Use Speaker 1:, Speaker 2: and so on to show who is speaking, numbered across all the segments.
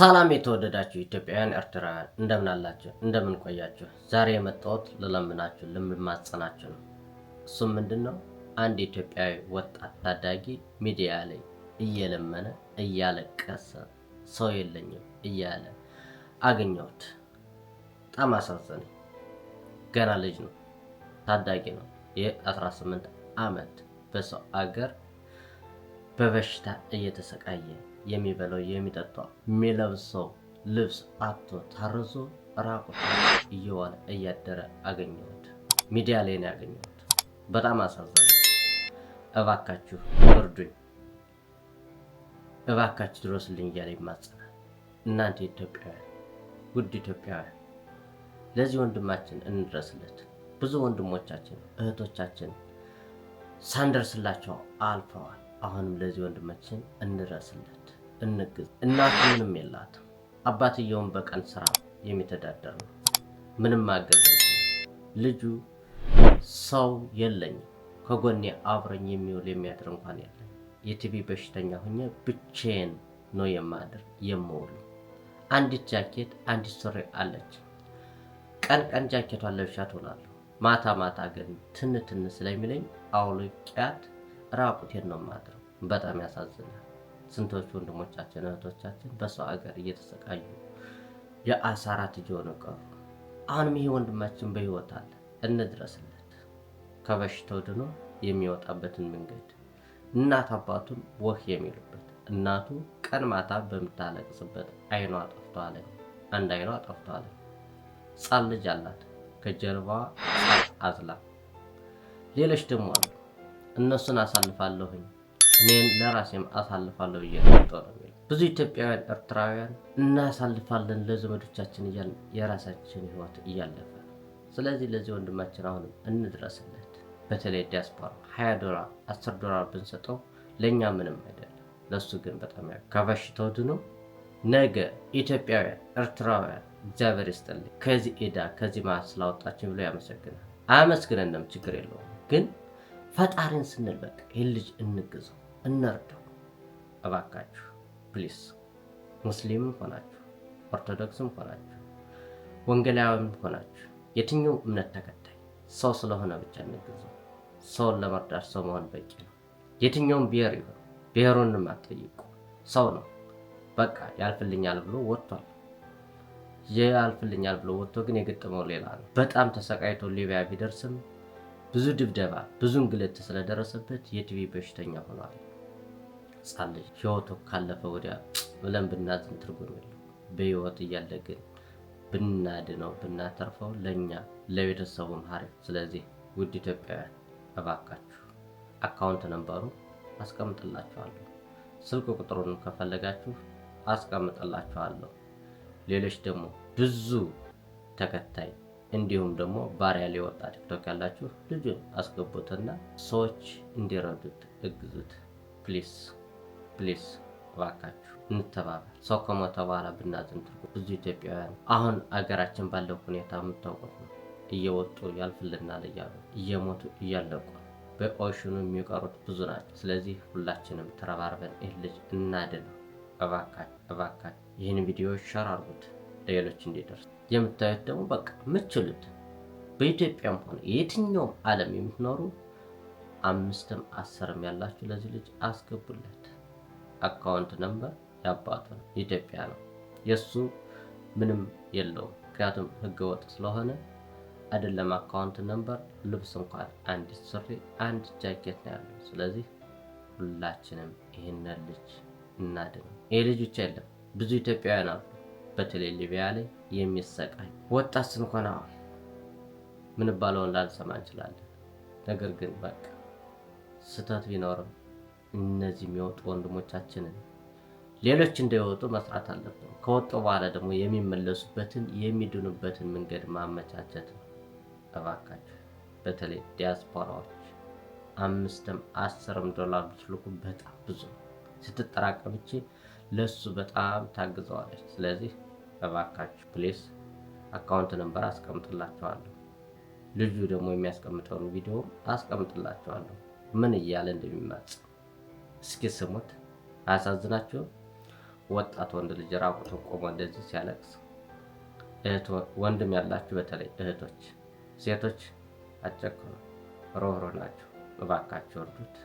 Speaker 1: ሰላም የተወደዳችሁ ኢትዮጵያውያን ኤርትራውያን፣ እንደምን አላችሁ? እንደምን ቆያችሁ? ዛሬ የመጣሁት ልለምናችሁ፣ ልማጸናችሁ ነው። እሱም ምንድን ነው? አንድ ኢትዮጵያዊ ወጣት ታዳጊ ሚዲያ ላይ እየለመነ እያለቀሰ ሰው የለኝም እያለ አገኘሁት። በጣም አሳዘነኝ። ገና ልጅ ነው፣ ታዳጊ ነው። የ18 ዓመት በሰው አገር በበሽታ እየተሰቃየ የሚበላው የሚጠጣው የሚለብሰው ልብስ አቶ ታርዞ ራቁ እየዋለ እያደረ አገኘሁት። ሚዲያ ላይ ነው ያገኘሁት። በጣም አሳዘነ። እባካችሁ እርዱኝ፣ እባካችሁ ድረሱልኝ እያለ ይማጸናል። እናንተ ኢትዮጵያውያን፣ ውድ ኢትዮጵያውያን ለዚህ ወንድማችን እንድረስለት። ብዙ ወንድሞቻችን እህቶቻችን ሳንደርስላቸው አልፈዋል። አሁንም ለዚህ ወንድማችን እንድረስለት፣ እንግዝ። እናት ምንም የላትም። አባትየውን በቀን ስራ የሚተዳደር ነው። ምንም ማገዝ ልጁ ሰው የለኝም፣ ከጎኔ አብረኝ የሚውል የሚያድር እንኳን የለኝ። የቲቪ በሽተኛ ሁኜ ብቼን ነው የማድር የምውሉ። አንዲት ጃኬት አንዲት ሱሪ አለች። ቀን ቀን ጃኬቷን ለብሻት ሆናለሁ፣ ማታ ማታ ግን ትን ትን ስለሚለኝ አውልቅያት ራቁቴን ነው የማድረው። በጣም ያሳዝናል። ስንቶቹ ወንድሞቻችን እህቶቻችን በሰው ሀገር እየተሰቃዩ የአሳራት እየሆነ ቀሩ። አሁንም ይሄ ወንድማችን በህይወት አለ፣ እንድረስለት። ከበሽታው ድኖ የሚወጣበትን መንገድ እናት አባቱን ወህ የሚሉበት እናቱ ቀን ማታ በምታለቅስበት አይኗ ጠፍቷለኝ፣ አንድ አይኗ ጠፍቷለኝ። ሕፃን ልጅ አላት ከጀርባ አዝላ ሌሎች ደግሞ አሉ እነሱን አሳልፋለሁኝ እኔን ለራሴም አሳልፋለሁ ብዬ ብዙ ኢትዮጵያውያን ኤርትራውያን እናሳልፋለን ለዘመዶቻችን እያልን የራሳችን ህይወት እያለፈ ስለዚህ ለዚህ ወንድማችን አሁንም እንድረስለት። በተለይ ዲያስፖራ ሀያ ዶላር አስር ዶላር ብንሰጠው ለእኛ ምንም አይደለም፣ ለእሱ ግን በጣም ያ ከበሽታው ድኖ ነገ ኢትዮጵያውያን ኤርትራውያን እግዚአብሔር ይስጥልኝ ከዚህ ኤዳ ከዚህ ማስላወጣችን ብሎ ያመሰግናል። አያመስግነንም ችግር የለውም ግን ፈጣሪን ስንል በቃ ይህ ልጅ እንግዘው፣ እንርዳው። እባካችሁ ፕሊስ፣ ሙስሊምም ሆናችሁ ኦርቶዶክስም ሆናችሁ ወንጌላዊም ሆናችሁ የትኛው እምነት ተከታይ ሰው ስለሆነ ብቻ እንግዘው። ሰውን ለመርዳት ሰው መሆን በቂ ነው። የትኛውም ብሔር ይሆን ብሔሩን አትጠይቁ። ሰው ነው በቃ ያልፍልኛል ብሎ ወጥቷል። ያልፍልኛል ብሎ ወጥቶ ግን የገጠመው ሌላ ነው። በጣም ተሰቃይቶ ሊቢያ ቢደርስም ብዙ ድብደባ፣ ብዙ እንግልት ስለደረሰበት የቲቪ በሽተኛ ሆኗል። ሕፃን ልጅ ህይወቱ ካለፈ ወዲያ ብለን ብናዝን ትርጉም የለው። በህይወት እያለ ግን ብናድነው ብናተርፈው ለእኛ ለቤተሰቡም ሀሪፍ። ስለዚህ ውድ ኢትዮጵያውያን እባካችሁ አካውንት ነንበሩ አስቀምጥላችኋለሁ፣ ስልክ ቁጥሩን ከፈለጋችሁ አስቀምጥላችኋለሁ። ሌሎች ደግሞ ብዙ ተከታይ እንዲሁም ደግሞ ባሪያ ላይ ወጣ ቲክቶክ ያላችሁ ልጁን አስገቡትና ሰዎች እንዲረዱት እግዙት። ፕሊስ ፕሊስ እባካችሁ እንተባበር። ሰው ከሞተ በኋላ ብናዝን ትርጉም ብዙ ኢትዮጵያውያን አሁን አገራችን ባለው ሁኔታ የምታውቁት ነው። እየወጡ ያልፍልናል እያሉ እየሞቱ እያለቁ በኦሽኑ የሚቀሩት ብዙ ናቸው። ስለዚህ ሁላችንም ተረባርበን ይህ ልጅ እናድነው። እባካችሁ እባካችሁ ይህን ቪዲዮ ሸር አርጉት፣ ለሌሎች እንዲደርስ የምታዩት ደግሞ በቃ የምችሉት በኢትዮጵያም ሆነ የትኛውም ዓለም የምትኖሩ አምስትም አስርም ያላችሁ ለዚህ ልጅ አስገቡለት። አካውንት ነምበር የአባቱ ነው፣ ኢትዮጵያ ነው። የእሱ ምንም የለውም፣ ምክንያቱም ህገወጥ ስለሆነ አይደለም። አካውንት ነምበር ልብስ እንኳን አንድ ሱሪ፣ አንድ ጃኬት ነው ያለው። ስለዚህ ሁላችንም ይህንን ልጅ እናድነው። ይሄ ልጅ ብቻ የለም ብዙ ኢትዮጵያውያን አሉ። በተለይ ሊቢያ ላይ የሚሰቃይ ወጣት ስንኮና ምን ባለውን ላልሰማ እንችላለን። ነገር ግን በቃ ስህተት ቢኖርም እነዚህ የሚወጡ ወንድሞቻችንን ሌሎች እንዳይወጡ መስራት አለብን። ከወጡ በኋላ ደግሞ የሚመለሱበትን የሚድኑበትን መንገድ ማመቻቸት ነው። እባካችሁ በተለይ ዲያስፖራዎች አምስትም አስርም ዶላር ብትልኩ በጣም ብዙ ስትጠራቀምቼ ለሱ በጣም ታግዘዋለች። ስለዚህ እባካችሁ ፕሌስ አካውንት ነንበር አስቀምጥላቸዋለሁ። ልጁ ደግሞ የሚያስቀምጠውን ቪዲዮ አስቀምጥላቸዋለሁ ምን እያለ እንደሚመጽ እስኪ ስሙት። አያሳዝናችሁም? ወጣት ወንድ ልጅ ራቁቶ ቆሞ እንደዚህ ሲያለቅስ ወንድም ያላችሁ በተለይ እህቶች፣ ሴቶች አትጨክኑ፣ ሮሮ ናችሁ። እባካችሁ እርዱት።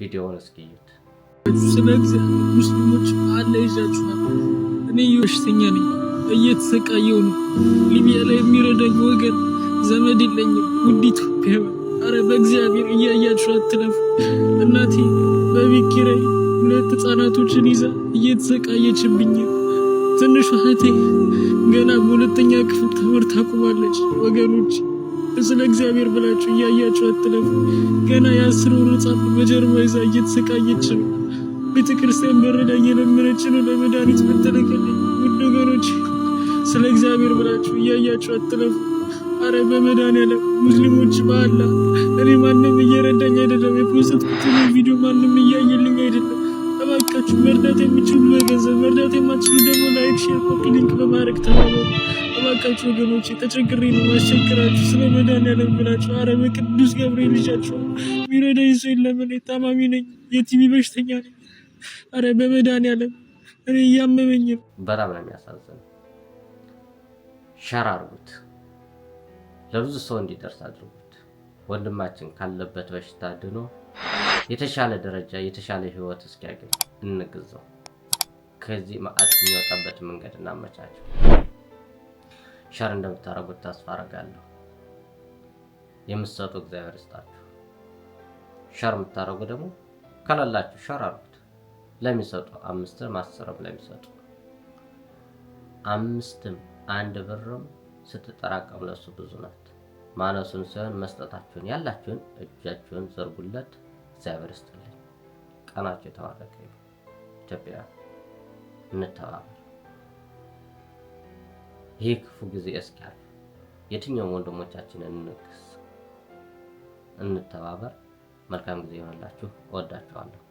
Speaker 1: ቪዲዮውን እስኪዩት።
Speaker 2: ይዛችሁ ስለ ሙስሊሞች አለ ይዛችኋል። እኔ በሽተኛ ነኝ፣ እየተሰቃየው ነው። ሊቢያ ላይ የሚረዳኝ ወገን ዘመድ የለኝም። ውዲቱ አረ በእግዚአብሔር እያያችሁ አትለፉ። እናቴ በቢኪራይ ሁለት ህፃናቶችን ይዛ እየተሰቃየችብኝ ትንሿ እህቴ ገና በሁለተኛ ክፍል ትምህርት አቁማለች። ወገኖች ስለ እግዚአብሔር ብላችሁ እያያችሁ አትለፉ። ገና የአስር ወር ህፃን በጀርባ ይዛ እየተሰቃየች ነው። ቤተክርስቲያን በረዳ የለመነች ነው ለመድኃኒት መተለከልኝ። ውድ ወገኖች ስለ እግዚአብሔር ብላችሁ እያያችሁ አትለፉ። አረ በመድኃኒዓለም ሙስሊሞች በአላ እኔ ማንም እየረዳኝ አይደለም። የፖስትኩትን ቪዲዮ ማንም እያየልኝ አይደለም። እባካችሁ መርዳት የምችሉ በገንዘብ መርዳት የማትችሉ ደግሞ ላይክ፣ ሼር፣ ኮፒ ሊንክ በማድረግ ተባበሩ። እባካችሁ ወገኖች ተቸግሬ ነው አስቸግራችሁ። ስለ መድኃኒዓለም ብላችሁ አረ በቅዱስ ገብርኤል ልጃችሁ ሚረዳኝ ሰው የለም። እኔ ታማሚ ነኝ። የቲቪ በሽተኛ ነኝ። አረ በመድኃኒዓለም እኔ እያመመኝም
Speaker 1: በጣም ነው የሚያሳዝን። ሸር አድርጉት፣ ለብዙ ሰው እንዲደርስ አድርጉት። ወንድማችን ካለበት በሽታ ድኖ የተሻለ ደረጃ የተሻለ ህይወት እስኪያገኝ እንግዘው። ከዚህ መዓት የሚወጣበት መንገድ እናመቻቸው። ሸር እንደምታደርጉት ተስፋ አደርጋለሁ። የምትሰጡ እግዚአብሔር ይስጣችሁ። ሸር የምታደርጉ ደግሞ ከላላችሁ ሸር አድርጉት። ለሚሰጡ አምስትም አስርም ለሚሰጡ አምስትም አንድ ብርም ስትጠራቀም ለሱ ብዙ ናት። ማነሱን ሳይሆን መስጠታችሁን ያላችሁን እጃችሁን ዘርጉለት። እግዚአብሔር ይስጥልኝ። ቀናቸው የተባረከ ኢትዮጵያ እንተባበር። ይህ ክፉ ጊዜ እስኪያልፍ የትኛውም ወንድሞቻችንን እንክስ፣ እንተባበር። መልካም ጊዜ ይሆንላችሁ። እወዳችኋለሁ።